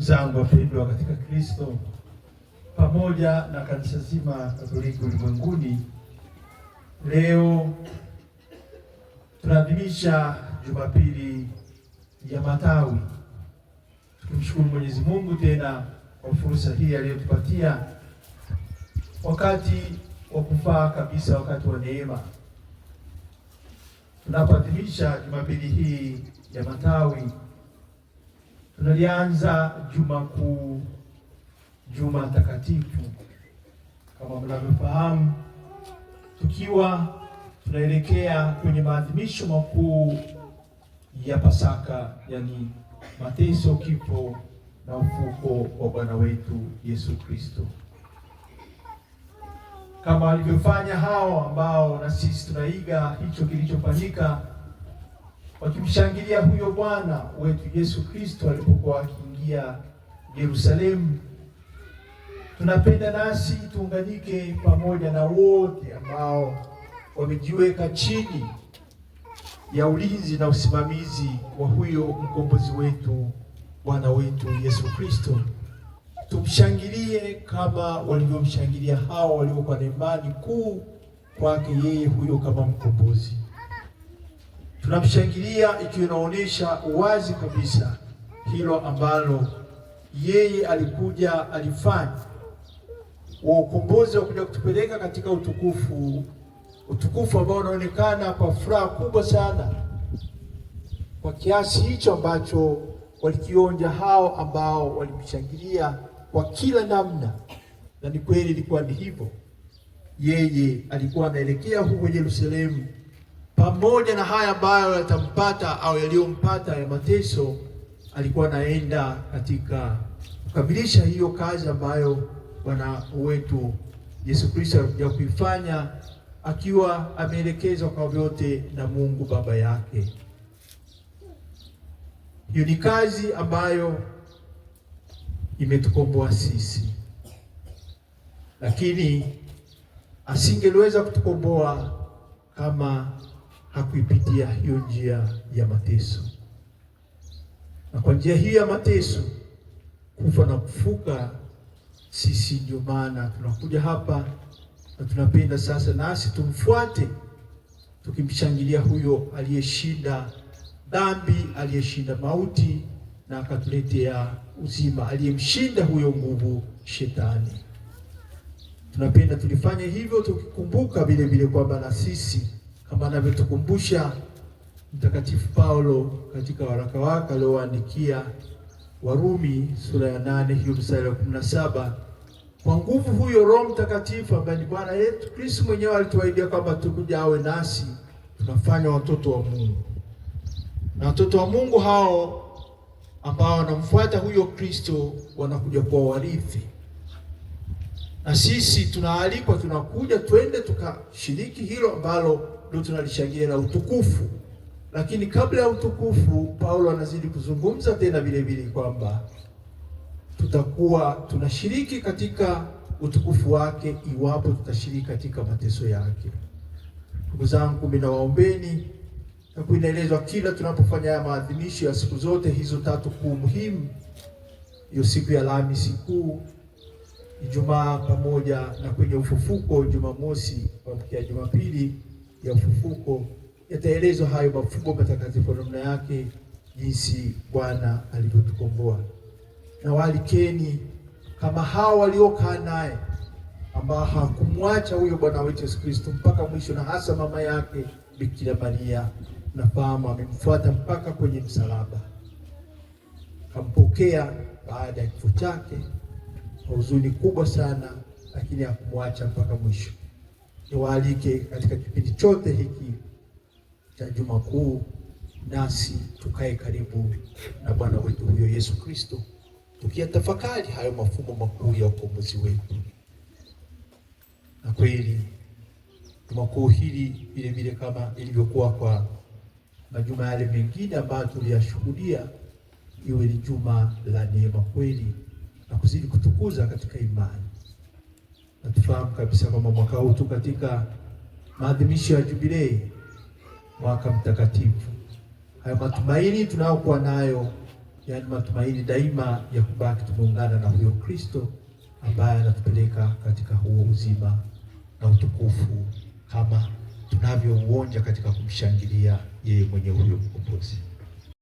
zangu wapendwa katika Kristo, pamoja na kanisa zima Katoliki ulimwenguni, leo tunaadhimisha Jumapili ya Matawi, tukimshukuru Mwenyezi Mungu tena kwa fursa hii aliyotupatia, wakati wa kufaa kabisa, wakati wa neema. Tunapoadhimisha Jumapili hii ya Matawi Tunalianza juma kuu, juma takatifu, kama mnavyofahamu, tukiwa tunaelekea kwenye maadhimisho makuu ya Pasaka, yani mateso, kifo na ufuko wa Bwana wetu Yesu Kristo, kama alivyofanya hao ambao na sisi tunaiga hicho kilichofanyika wakimshangilia huyo Bwana wetu Yesu Kristo alipokuwa akiingia Yerusalemu. Tunapenda nasi tuunganike pamoja na wote ambao wamejiweka chini ya ulinzi na usimamizi wa huyo mkombozi wetu Bwana wetu Yesu Kristo. Tumshangilie kama walivyomshangilia hao waliokuwa na imani kuu kwake yeye huyo kama mkombozi tunamshangilia ikiwa inaonyesha wazi kabisa hilo ambalo yeye alikuja alifanya wa ukombozi wa kuja kutupeleka katika utukufu, utukufu ambao unaonekana kwa furaha kubwa sana kwa kiasi hicho ambacho walikionja hao ambao walimshangilia kwa kila namna, na ni kweli ilikuwa ni hivyo. Yeye alikuwa anaelekea huko Yerusalemu pamoja na haya ambayo yatampata au yaliyompata ya mateso, alikuwa anaenda katika kukamilisha hiyo kazi ambayo Bwana wetu Yesu Kristo alikuja kuifanya akiwa ameelekezwa kwa vyote na Mungu Baba yake. Hiyo ni kazi ambayo imetukomboa sisi, lakini asingeliweza kutukomboa kama hakuipitia hiyo njia ya mateso, na kwa njia hii ya mateso, kufa na kufuka. Sisi ndio maana tunakuja hapa na tunapenda sasa nasi tumfuate tukimshangilia huyo aliyeshinda dhambi, aliyeshinda mauti na akatuletea uzima, aliyemshinda huyo nguvu shetani. Tunapenda tulifanye hivyo tukikumbuka vile vile kwamba na sisi kama anavyotukumbusha Mtakatifu Paulo katika waraka wake aliowaandikia Warumi sura ya nane hiyo mstari wa kumi na saba kwa nguvu huyo Roho Mtakatifu ambaye ni Bwana yetu Kristo mwenyewe alituahidia kwamba tukuja awe nasi tunafanywa watoto wa Mungu, na watoto wa Mungu hao ambao wanamfuata huyo Kristo wanakuja kuwa warithi na sisi tunaalikwa, tunakuja twende tukashiriki hilo ambalo ndio tunalishangilia la utukufu. Lakini kabla ya utukufu, Paulo anazidi kuzungumza tena vile vile kwamba tutakuwa tunashiriki katika utukufu wake iwapo tutashiriki katika mateso yake. Ndugu zangu, mimi nawaombeni na kuinaelezwa kila tunapofanya haya maadhimisho ya siku zote hizo tatu kuu muhimu, hiyo siku ya Alhamisi Kuu Ijumaa pamoja na kwenye ufufuko Jumamosi kuamkia Jumapili ya ufufuko yataelezwa hayo mafumbo matakatifu, namna yake jinsi Bwana alivyotukomboa. Na waalikeni kama hao waliokaa naye ambao hakumwacha huyo Bwana wetu Yesu Kristo mpaka mwisho, na hasa mama yake Bikira Maria, nafahamu amemfuata mpaka kwenye msalaba, kampokea baada ya kifo chake kwa huzuni kubwa sana, lakini hakumwacha mpaka mwisho. Niwaalike katika kipindi chote hiki cha Juma Kuu nasi tukae karibu na Bwana wetu huyo Yesu Kristo, tukiyatafakari hayo mafumbo makuu ya ukombozi wetu. Na kweli Juma Kuu hili vile vile kama ilivyokuwa kwa majuma yale mengine ambayo tuliyashuhudia, iwe ni juma la neema kweli na kuzidi kutukuza katika imani. Na tufahamu kabisa kwamba mwaka huu tu katika maadhimisho ya jubilei, mwaka mtakatifu. Hayo matumaini tunayokuwa nayo, yaani matumaini daima ya kubaki tumeungana na huyo Kristo ambaye anatupeleka katika huo uzima na utukufu kama tunavyouonja katika kumshangilia yeye mwenye huyo mkombozi.